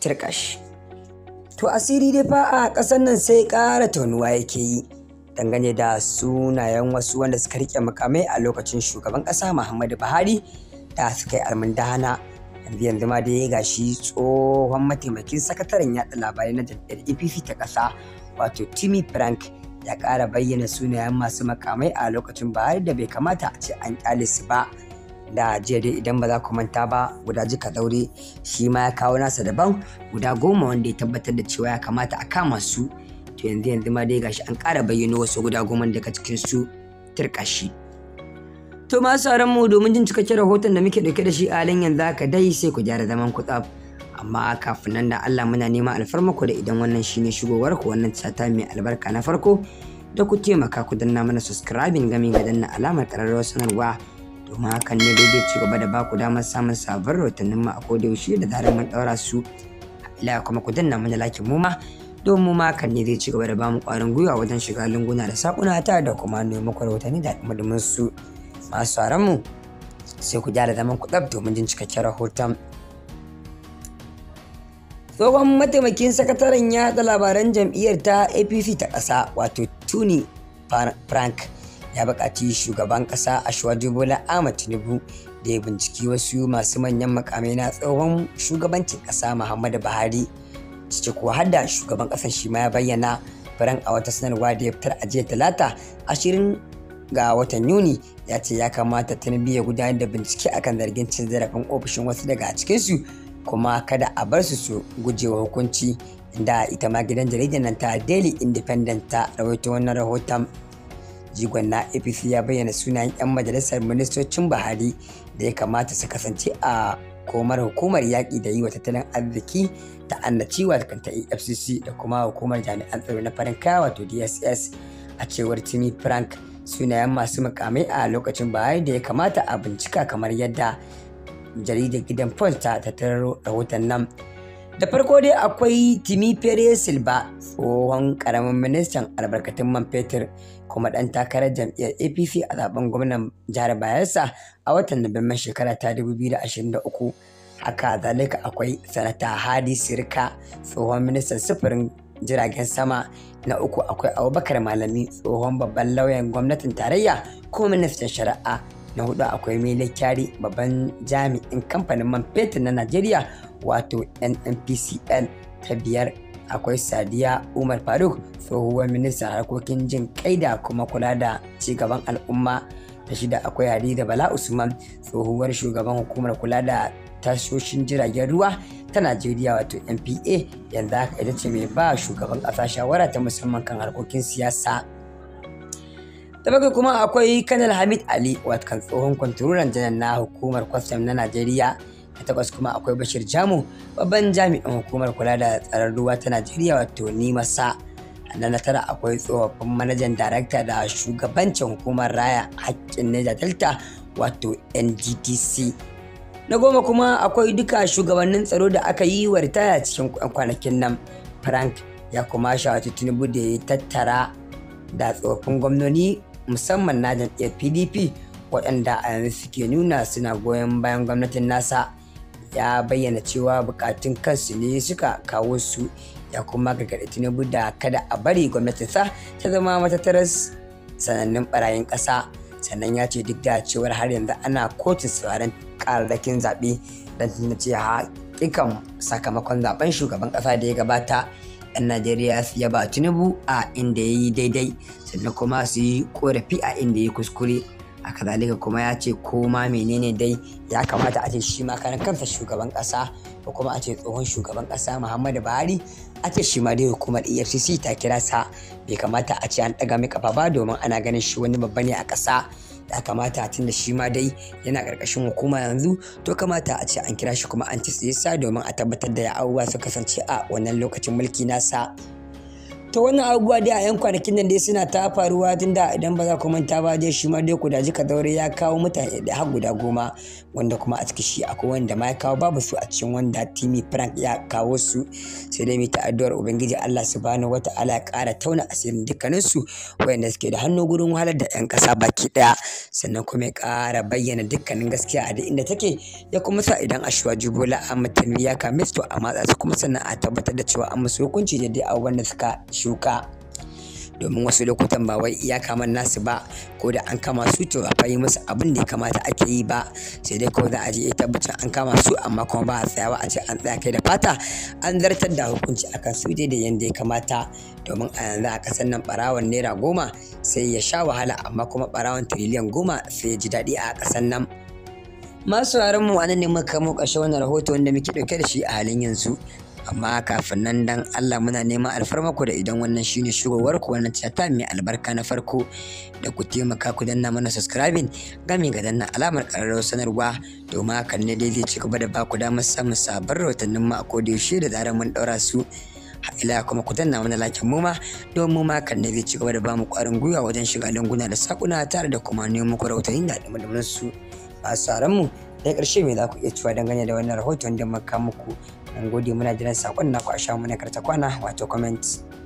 tirkash to asiri dai fa a ƙasar nan sai ƙara taunuwa yake yi dangane da sunayen wasu wanda suka rike makamai a lokacin shugaban ƙasa muhammadu buhari da suka yi almundana yanzu yanzu ma dai ga shi tsohon mataimakin sakataren yaɗa labarai na jam'iyyar apc ta ƙasa wato timmy frank ya ƙara bayyana sunayen masu makamai a lokacin buhari da bai kamata a ce an ƙyale su ba da jiya dai idan ba za ku manta ba guda jika daure shi ma ya kawo nasa daban guda goma wanda ya tabbatar da cewa ya kamata a kama su to yanzu yanzu ma dai gashi an kara bayyano wasu guda goma daga cikin su turkashi to ma sauran mu domin jin cikakken rahoton da muke dauke da shi a halin yanzu haka dai sai ku gyara zaman ku tsaf amma kafin nan da Allah muna neman ku da idan wannan shine shigowar ku wannan cata mai albarka na farko da ku taimaka ku danna mana subscribing gami ga danna alamar ƙararrawar sanarwa domin hakan ne daidai ci gaba da baku damar samun sabon rahotannin mu a kodayaushe da zarar mun daura su ila kuma ku danna mana lakin mu ma mu ma hakan ne zai ci gaba da bamu kwarin gwiwa wajen shiga lunguna da sakuna ta da kuma nemo muku rahotanni da dumadumin su masu tsaron mu sai ku gyara zaman ku ɗab domin jin cikakken rahoton tsohon mataimakin sakataren yaɗa labaran jam'iyyar ta apc ta ƙasa wato tuni frank ya bukaci shugaban ƙasa Ashwaju Bola Ahmad Tinubu da ya binciki wasu masu manyan makamai na tsohon shugabancin ƙasa Muhammadu Buhari ciki ko har da shugaban ƙasar shi ma ya bayyana faran a wata sanarwa da ya fitar a jiya talata ashirin ga watan Yuni ya ce ya kamata Tinubu ya gudanar da bincike akan zargin cin zarafin ofishin wasu daga cikinsu kuma kada a bar su su gujewa hukunci da ita ma gidan jaridar nan ta Daily Independent ta rawaito wannan rahoton jigon na apc ya bayyana sunayen 'yan majalisar ministocin buhari da ya kamata su kasance a komar hukumar yaƙi da yi wa tattalin arziki ta annaciwa kanta efcc da kuma hukumar jami'an tsaro na farin kaya wato dss a cewar timi frank sunayen masu mukamai a lokacin buhari da ya kamata a bincika kamar yadda jaridar gidan post ta tattaro rahoton nan da farko dai akwai timi fere silba tsohon karamin ministan albarkatun man fetur kuma dan takarar jam'iyyar apc a zaben gwamnan jihar bayelsa a watan nuwamban shekara ta 2023 haka zalika akwai sanata hadi sirka tsohon ministan sufurin jiragen sama na uku akwai abubakar malami tsohon babban lauyan gwamnatin tarayya ko ministan shari'a na hudu akwai mele kyari babban jami'in kamfanin man fetur na najeriya wato nnpcl ta biyar akwai sadiya umar faruk tsohuwar ministan harkokin jin kai kuma kula da cigaban al'umma ta shida akwai hadiza bala usman tsohuwar shugaban hukumar kula da tashoshin jiragen ruwa ta najeriya wato npa yanzu haka ita ce mai ba shugaban ƙasa shawara ta musamman kan harkokin siyasa ta kuma akwai kanal hamid ali watkan tsohon kwantarorin janar na hukumar kwastam na najeriya A takwas kuma akwai bashir jamu babban jami'in hukumar kula da tsaron ruwa ta najeriya wato nimasa na na tara akwai tsofaffin manajan darakta da shugabancin hukumar raya haƙƙin niger delta wato ndtc na goma kuma akwai duka shugabannin tsaro da aka yi wa ritaya cikin kwanakin nan frank ya kuma shawarci tinubu da ya tattara da tsofaffin gwamnoni musamman na jam'iyyar pdp waɗanda a yanzu suke nuna suna goyon bayan gwamnatin nasa ya bayyana cewa bukatun kansu ne suka kawo su ya kuma gargaɗi tinubu da kada a bari gwamnatin sa ta zama matattarar sanannun barayin ƙasa sannan ya ce duk da cewar har yanzu ana kotun sauraron ƙararrakin zaɓe don tuna ce hakikan sakamakon zaɓen shugaban ƙasa da ya gabata 'yan najeriya su ba tinubu a inda ya yi daidai sannan kuma su yi korafi a inda ya kuskure a kazalika kuma ya ce ko ma menene dai ya kamata a ce shi ma kan kansa shugaban kasa ko kuma a ce tsohon shugaban kasa muhammadu buhari a ce shi ma dai hukumar efcc ta kira sa bai kamata a ce an ɗaga mai kafa ba domin ana ganin shi wani babba ne a ƙasa. ya kamata tun da shi ma dai yana ƙarƙashin hukuma yanzu to kamata a ce an kira shi kuma an ci domin a tabbatar da ya abubuwa su kasance a wannan lokacin mulki nasa to wannan abubuwa dai a 'yan kwanakin nan dai suna ta faruwa tun da idan ba za ku manta ba dai shi ma dai kudaji ka daure ya kawo mutane da har guda goma wanda kuma a cikin shi akwai wanda ma ya kawo babu su a cikin wanda timi frank ya kawo su sai dai mita addu'ar ubangiji allah subhanahu wa ta'ala ya kara tauna asirin dukkanin su wayanda suke da hannu gurin wahalar da 'yan kasa baki daya sannan kuma ya kara bayyana dukkanin gaskiya a duk inda take ya kuma sa idan a shuwa jubola a mutane ya kame su a matsa su kuma sannan a tabbatar da cewa an musu hukunci da dai abubuwan da suka shuka domin wasu lokutan ba wai iya kama nasu ba ko da an kama su to a musu abin da ya kamata ake yi ba sai dai kawai za a je tabbacin an kama su amma kuma ba a tsayawa a ce an tsaya kai da fata an zartar da hukunci akan su dai da yanda ya kamata domin a yanzu a kasan nan barawon naira goma sai ya sha wahala amma kuma barawon tiriliyan goma sai ya ji daɗi a kasan nan. masu mu a nan ne muka kamo ƙarshe wannan rahoto wanda muke ɗauke da shi a halin yanzu amma kafin nan dan Allah muna neman alfarma ku da idan wannan shine shigowar ku wannan ta mai albarka na farko da ku taimaka ku danna mana subscribing gami ga danna alamar karar sanarwa ma kan ne dai zai ci gaba da ba ku damar samun sabon rahotannin mu a yaushe da zarar mun daura su ila kuma ku danna mana lakin mu ma don mu ma kan da zai ci gaba da bamu kwarin gwiwa wajen shiga lunguna da sakuna tare da kuma nemo ku rahotanni da dumadumin su masu mu da ƙarshe me za ku iya cewa dangane da wannan rahoton da muka muku mun gode muna jiran saƙon naku a sha na kwana wato comments.